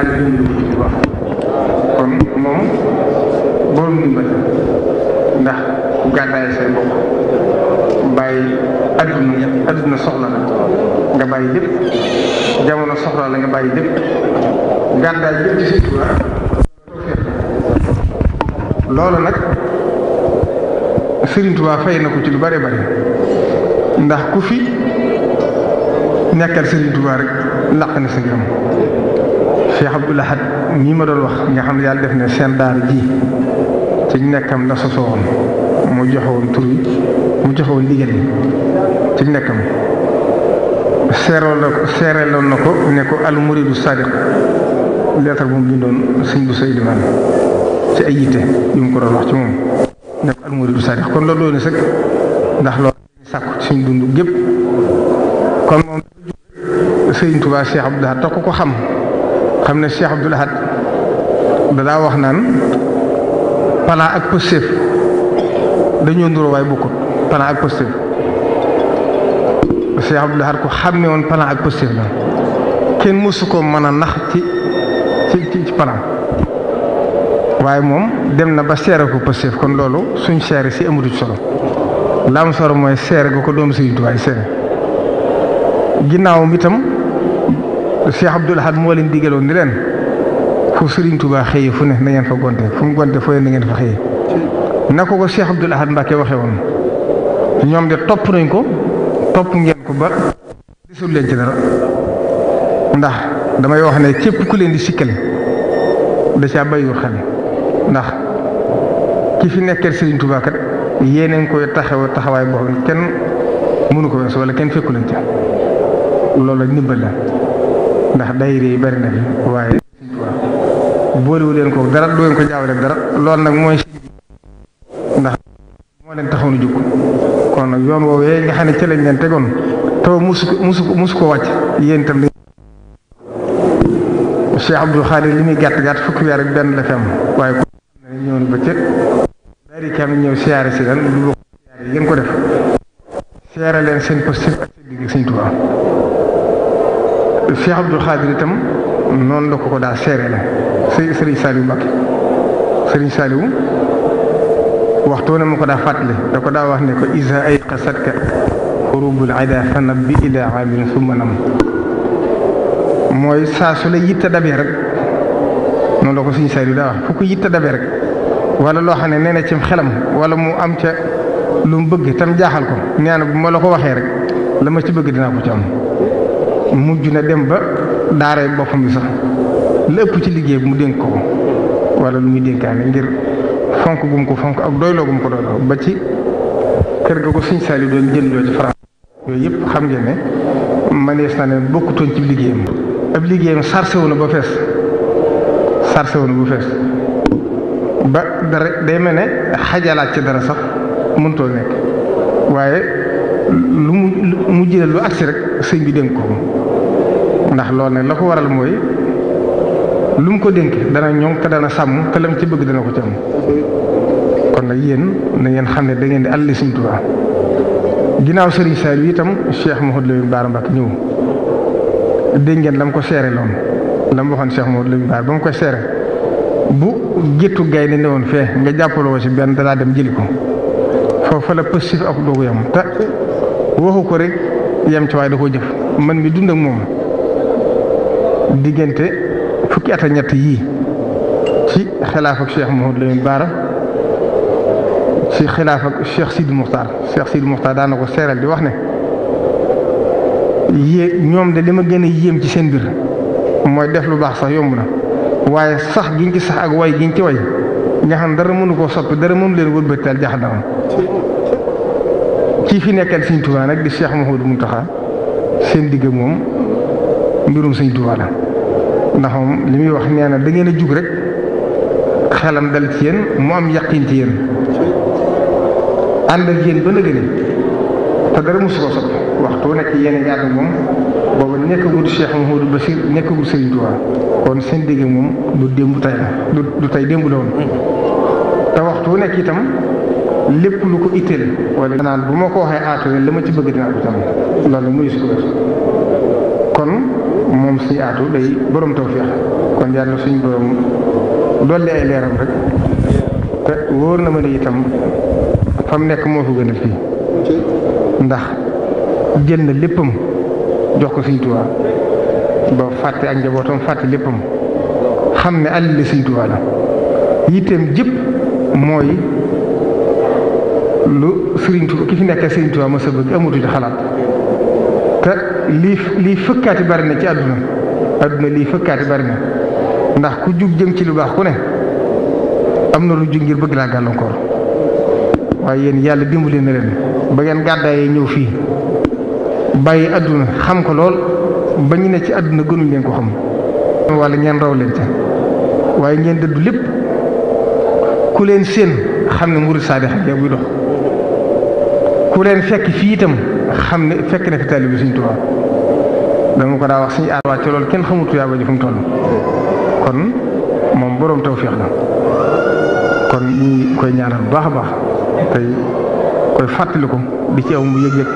yàlla dimbali ko ci wax kon moom ndax gàddaay say bopp bàyyi adduna nga bàyyi jamono soxla la nga bàyyi lépp gàddaay lépp ci Sëñ loolu nag Sëriñ Tuubaa na ko ci lu bare bare ndax ku fi nekkal Sëriñ Tuubaa rek làq na sa ngërëm Cheikh Abdoul Ahad ñi ma doon wax nga xam ne yàlla def ne seen daara ji ci ñu nekkam la sosoo woon mu joxewoon tur yi mu joxewoon ndigal yi ci nekkam seeroon na ko seereeloon na ko ne ko al muridu sadiq leetar bu mu bindoon sëñ bu say limaan ci ay yitte yu mu ko doon wax ci moom ne ko al muridu kon loolu doon sëkk ndax loolu sàkku suñ dund gépp kon moom sëriñ Tuubaa Cheikh Abdoul Ahad te ko ko xam xam ne Cheikh Abdoul Ahad dadaa wax naan plan ak positif dañoo nuroo waaye bokkut plan ak positif Cheikh Abdoul Ahad ku xam ne ak positif la kenn mësu ko mën a nax ci ci ci plan waaye moom dem na ba seere ko positif kon loolu suñ seere si amatu solo laam solo mooy seere ga ko doom Sëriñ Tuubaa seere ginnaawam itam Cheikh Abdoul Ahad moo leen digaloon ni leen fu sëriñ Touba xëyee fu ne na ngeen fa gonte fu mu gonte fooy na ngeen fa xëyee na ko ko Cheikh Abdoul Ahad Mbacke waxee woon ñoom de topp nañ ko topp ngeen ko ba desul leen dara ndax damay wax ne képp ku leen di sikkal da caa bàyyiwul xel ndax ki fi nekkee Serigne Touba kat yéeneen koy taxaw taxawaay boo kenn mënu ko weesu wala kenn fekku leen ca loolu ndimbal la ndax daayira yi bari na fi waaye boolewu leen ko dara du leen ko jaawale dara loolu nag mooy ndax moo leen taxaw nu jukk kon nag yoon woowee nga xam ne ci lañ leen tegoon taw musu musu musu ko wàcc yéen tamit Cheikh Abdou Khadir li muy gàtt gàtt fukki weer ak benn la am waaye ko ñëwoon ba cët daari kam ñëw siyaare si leen lu bokk siyaare yi ngeen ko def siyaare leen seen positif ak digg Sëñ Tuubaa Cheikh Abdoul Khadir tam noonu la ko ko daa seeree la sëriñ sëriñ Saliou Mbacke sëriñ Saliou waxtu ne ma ko daa fàttali da ko daa wax ne ko isa ay qasatka xurubul ada fanab bi ila amilin summa nam saa su la yitte dabee rek noonu la ko sëriñ Saliou daa wax fu ko yitte dabee rek wala loo xam ne nee na ci xelam wala mu am ca lu mu bëgg tam jaaxal ko nee na bu ma la ko waxee rek la ma ci bëgg dinaa ko ci am mujj na dem ba daaray boppam bi sax lépp ci liggéey bi mu dénk ko wala lu muy dénkaane ngir fonk gum ko fonk ak doyloo gum ko doyloo ba ci kër ga ko suñ saali doon jël loo ci France yooyu yëpp xam ngeen ne manees na ne bokkutoon ci liggéeyam ab liggéeyam sarse wu na ba fees sarse wu ba dara day mel ne xajalaat ci dara sax mëntoo nekk waaye lu mu mujjee lu agsi rek sëñ bi dénk ko ndax loolu ne la ko waral mooy lu mu ko dénk dana ñoŋ te dana sàmm te lam ci bëgg dana ko ci am kon nag yéen na ngeen xam ne da di àll Sëriñ Tuubaa ginnaaw Serigne Saliou itam Cheikh Mouhamadou Lamine Bara Mbacké ñëw dégg ngeen la mu ko seere loon la mu waxoon Cheikh Mouhamadou Lamine Bara ba mu ko seere bu géttu gay ne woon fee nga jàppaloo ci benn danaa dem jëli ko foofu la positif ak doogu yam te waxu ko rek yam ci waaye da koo jëf man mi dund ak moom diggante fukki at ñett yii ci xilaaf ak Cheikh Mouhamadou Lamine Bara ci xilaaf ak Cheikh Sidi Moukhtar Cheikh Sidi Moukhtar daan ko seeral di wax ne yée ñoom de li ma génn a yéem ci seen mbir mooy def lu baax sax yomb na waaye sax giñ ci sax ak way giñ ci way nga xam dara mënu koo soppi dara mënu leen wëlbateel jaxandaram kii fi nekkal Sëñ Tuubaa nag di Cheikh Mouhamadou Mountakha seen digg moom mbirum Sëñ Tuubaa la ndax moom li muy wax nee na dangeen a jug rek xelam dal ci yéen mu am yaqin ci yéen ànd ak yéen ba nëgëni te dara mosu sot waxtu nekk yéen a moom booba nekkagul Cheikh Mouhamadou Bachir nekkagul moom du démb tay la du tay démb la te waxtu nekk itam lépp lu ko itteel wala naan bu ma ko waxee aatale la ma ci bëgg dinaa ko tam loolu muy su ko kon moom suñu aatu day borom tawféex kon yàlla suñu borom dolli ay leeram rek te wóor na ma ne itam fa nekk moo fi gënal fii ndax jël na léppam jox ko suñu Tuubaa ba fàtte ak njabootam fàtte léppam xam ne àlli suñu Tuubaa la yitteem jëpp mooy lu Sëriñ Tuubaa ki fi nekk Sëriñ Tuubaa ma sa bëgg xalaat te lii lii fëkkaati bari na ci àdduna àdduna lii fëkkaati bari na ndax ku jug jëm ci lu baax ku ne am na lu jug ngir bëgg laa gàllankoor waaye yéen yàlla dimbali na leen ba ngeen gàddaayee ñëw fii bàyyi àdduna xam ko lool ba ñu ne ci àdduna gënuñ leen ko xam wala ñeen raw leen ca waaye ñeen dëddu lépp ku leen seen xam ne murid saadix ja buy dox ku leen fekk fii itam xam ne fekk na fi taalibe Sëriñ Tuubaa dama ko daa wax suñu aar wàcc loolu kenn xamut tuyaaba ji fu mu toll kon moom boroom tawféex la kon ñi koy ñaanal bu baax a baax tey koy fàttali ko di ci aw mu yëg-yëg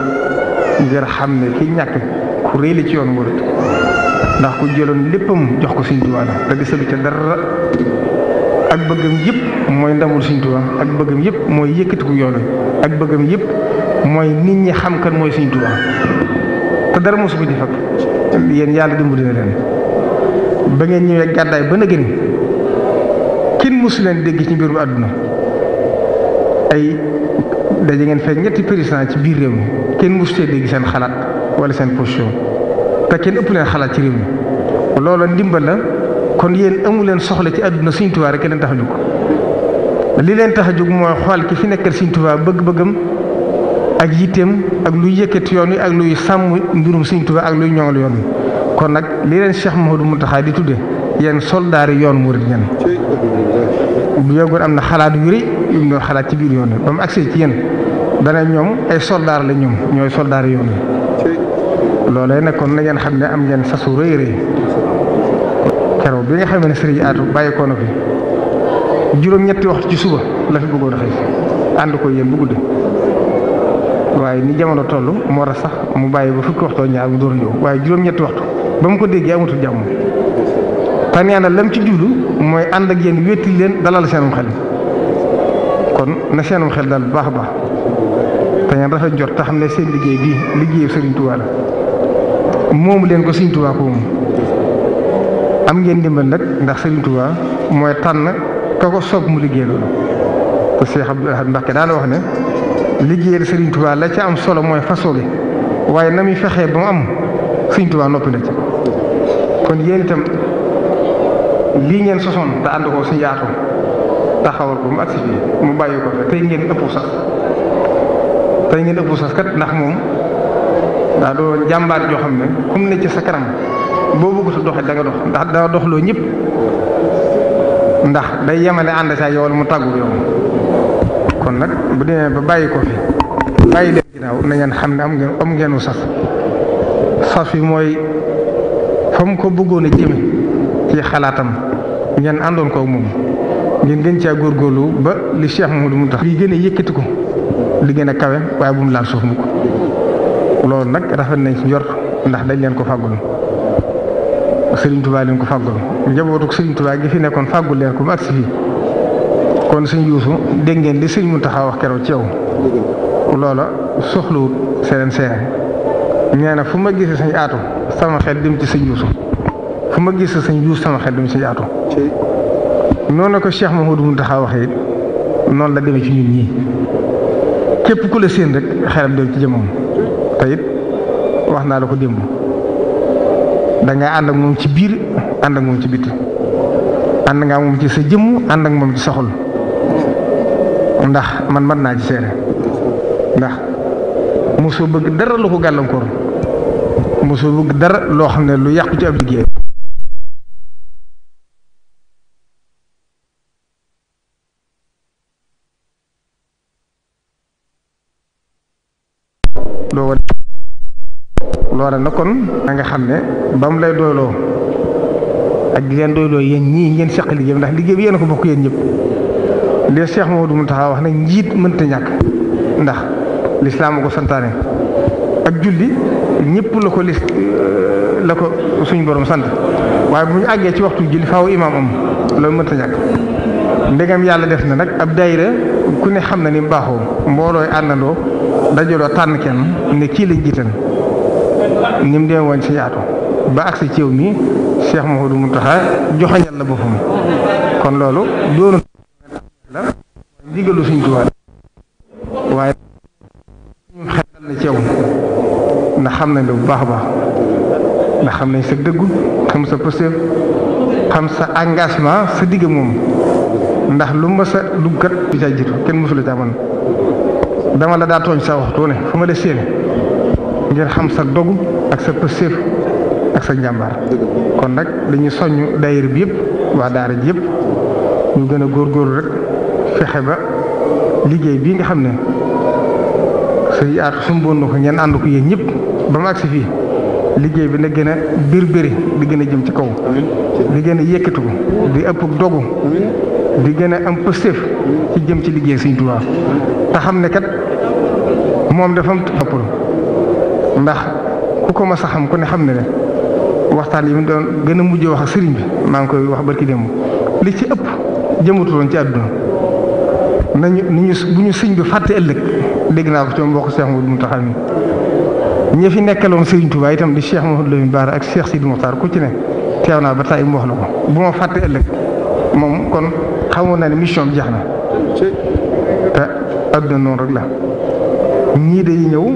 ngir xam ne ki ñàkk ku rëy la ci yoon murit ndax ku jëloon léppam jox ko Sëriñ Tuubaa la te dara ak bëggam yëpp mooy ndamul Sëriñ ak bëggam yëpp mooy yëkkatiku yoon ak yëpp mooy nit ñi xam mooy Sëriñ Tuubaa te dara itam yéen yàlla dimbali na leen ba ngeen ñëwee gàddaay ba na gën kenn mosu leen dégg ci mbirum àdduna ay daje ngeen fekk ñetti président ci biir réew mi kenn mosu see dégg seen xalaat wala seen postion te kenn ëpp leen xalaat ci réew mi loolu ndimbal la kon yéen amu leen soxla ci àdduna Sëriñ Tuubaa rek leen tax a jóg li leen tax a jóg mooy xool ki fi nekkal Sëriñ Tuubaa bëgg-bëggam. ak yitteem ak luy yëkkati yoon wi ak luy sàmm mbirum Sëriñ Tuubaa ak luy ñoŋal yoon wi kon nag li leen du Mouhamadou Mountakha di tudde yéen soldaari yoon murid ngeen bu yàggoon am na xalaat yu yu mu doon xalaat ci biir yoon wi ba mu agsee ci yenn dana ñoom ay soldaar la ñoom ñooy soldaari yoon wi loolu nag kon na ngeen xam ne am ngeen sasu rëy rëy keroog bi nga xam ne sëriñ Atou bàyyi ko na fi juróom-ñetti waxtu ci suba la fi bëggoon a xëy ànd ko yéen bu guddi waaye ni jamono toll moo tax sax mu bàyyi ba fukki waxtoo ñaar mu door ñëw waaye juróom-ñetti waxtu ba mu ko déggee amatul jàmm te nee na lam ci jublu mooy ànd ak yéen wétti leen dalal seenum xel kon na seenum xel dal bu baax a baax te ngeen rafet jot te xam ne seen liggéey bii liggéey Serigne Touba la moomu leen ko Serigne Touba ko moom am ngeen ndimbal nag ndax Serigne Touba mooy tànn ka ko soob mu liggéey loolu te Cheikh Abdoul Ahad Mbacké wax ne. liggéeyal Serigne Touba la ci am solo mooy façon bi waaye na muy fexee ba mu am Serigne Touba noppi na ci kon yéen itam lii ngeen sosoon te ànd ko si yaatu taxawal ko mu agsi mu bàyyi ko te tey ngeen ëpp sax tey ngeen ëpp sax kat moom daa jàmbaar joo xam ne comme ne ci sa kanam boo bëggut a doxee da nga dox ndax daa doxloo ñëpp ndax day yemale ànd saa yow mu tàggu yow. kon nag bu demee ba bàyyi ko fi bàyyi leen ginnaaw na ngeen xam ne am ngeen am ngeenu saf saf yi mooy fa mu ko bëggoon a jëme ci xalaatam ngeen àndoon ko ak moom ngeen gën góor góorlu ba li Cheikh Mamadou mu tax li gën a yëkkati ko di gën a kawe waaye bu mu laal suuf mu loolu nag rafet nañ ci njort ndax dañ leen ko fàggul Serigne Touba leen ko fàggul njabootu Serigne Touba gi fi nekkoon fàggul leen ko ak agsi fii kon sëñ yuusu dégg ngeen li sëñ Muntaxa wax keroog ci yow loola soxlawut seen seere nee na fu ma gis sëñ aatu sama xel dem ci sëñ yuusu fu ma gisee sëñ yuusu sama xel dem ci sëñ aatu noonu la ko Cheikh Mahmoud Muntaxa waxee noonu la demee ci ñun ñii képp ku la séen rek xelam dem ci jëmmam te it wax naa la ko démb da ànd ak moom ci biir ànd ak moom ci bitti ànd ngaa moom ci sa jëmm ànd ak moom ci sa xol ndax man man naa ci seene ndax mosoo bëgg dara lu ko gàllankoor mosoo bëgg dara loo xam ne lu yàqu ci ab liggéey loola na kon da nga xam ne ba mu lay doyloo ak di leen doyloo yéen ñii ngeen seq liggéey ndax liggéey bi yéen ko bokk yéen ñëpp li Cheikh Mamadou Mountakha wax nag njiit mënta ñàkk ndax lislaam ko santaane ak julli ñëpp la ko lis la ko suñ borom sant waaye bu ñu àggee ci waxtu julli faaw imam am loolu mënta ñàkk ndegam yàlla def na nag ab dayre ku ne xam na ni baaxoo mboolooy àndandoo dajaloo tànn kenn ne kii lañ jiital ni mu demee woon ci yaatu ba agsi ci yow mi Cheikh Mamadou taxa joxañal la boppam kon loolu doonu digalu suñ tubaab waaye ñun na ci ndax xam nañ la bu baax a baax ndax xam nañ sa dëggu xam sa posté xam sa engagement sa digg moom ndax lu ma sa duggat du ca jiitu kenn mësula ca man dama la daa tooñ sa waxtu ne fu ma la séen ngir xam sa dogu ak sa posté ak sa njàmbaar kon nag dañuy soññ daayir bi yëpp waa daara ji yëpp ñu gën a góorgóorlu rek fexe ba liggéey bii nga xam ne sëñ aatu sumboon ko ngeen ànd ko yéen ñëpp ba mu agsi fii liggéey bi na gën a bir biri di gën a jëm ci kaw di gën a yëkkatiku di ëpp dogu di gën a am pëstéef ci jëm ci liggéey sëñ Tuubaa te xam ne kat moom dafa noppal ndax ku ko mas a xam ko ne xam ne ne waxtaan yi mu doon gën a mujj wax ak sëriñ bi maa ngi koy wax barki démb li ci ëpp jëmatuloon ci àdduna nañu nañu bu ñu sëñ bi fàtte ëllëg dégg naa ko ci mbokk Cheikh Mouhamadou Mountakha mi ñi fi nekkaloon Serigne Touba itam di Cheikh Mouhamadou Lamine Bara ak Cheikh Sidi Mokhtar ku ci ne teew naa ba tey mu wax na ko bu ma fàtte ëllëg moom kon xamoon naa ne mission bi jeex na te adduna noonu rek la ñii day ñëw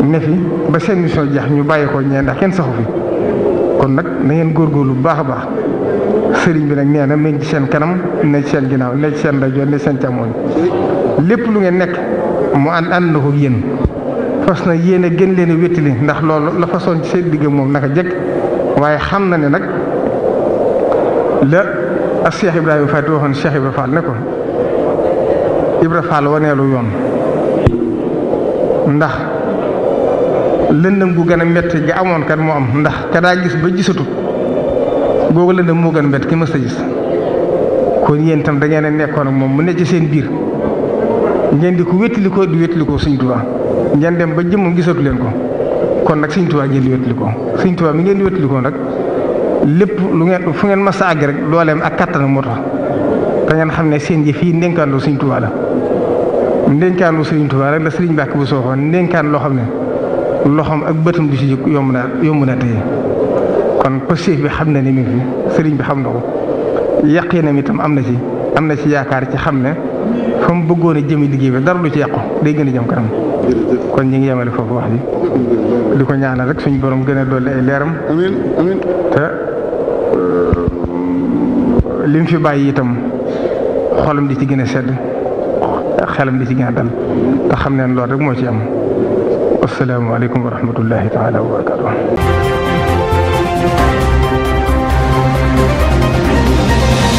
ne fi ba seen mission jeex ñu bàyyi ko ñee ndax kenn saxu fi kon nag na ngeen góorgóorlu baax a baax. sëriñ bi nag nee na mi ci seen kanam ne ci seen ginnaaw ne ci seen rajo ne ci seen càmmoñ lépp lu ngeen nekk mu ànd ànd na ko yéen fas na yéen a gën leen a wéttali ndax loolu la façon ci seen digg moom naka jëkk waaye xam na ne nag la ak Cheikh Ibrahima Fall di waxoon Cheikh Ibrahima Fall ne ko Ibrahima waneelu yoon ndax lëndëm gu gën a metti gi amoon kat mu am ndax ka daa gis ba gisatut googu la dem moo gën mbett ki mës a gis kon yéen itam da ngeen a nekkoon ak moom mu ne ci seen biir ngeen di ko wéttilikoo di wéttilikoo Sëñ Tuubaa ngeen dem ba jëmmam gisatu leen ko kon nag Sëñ Tuubaa ngeen di wéttilikoo Sëñ Tuubaa mi ngeen di wéttilikoo nag lépp lu ngeen fu ngeen mës a àgg rek dooleem ak kattan moto tax da ngeen xam ne seen ji fii ndénkaanlu Sëñ Tuubaa la ndénkaanlu Sëñ Tuubaa rek la Sëriñ Mbàkke bu sooxoon ndénkaan loo xam ne loxoom ak bëtam du ci yomb naa yomb naa téye kon positif bi xam na ni mi fi sëriñ bi xam na ko yaqinam itam am na ci am na ci yaakaar ci xam ne fa mu bëggoon a jëmi liggéey bi dara lu ci yàqu day gën a jëm kanam kon ñu ngi yemale foofu wax ji di ko ñaanal rek suñu borom gën a dolli ay leeram amiin amiin te lim fi bàyyi itam xolam di ci gën a sedd xelam di ci gën a dal te xam ne loolu rek moo ci am asalaamaaleykum wa rahmatullahi taala wa barakaatu Thank you.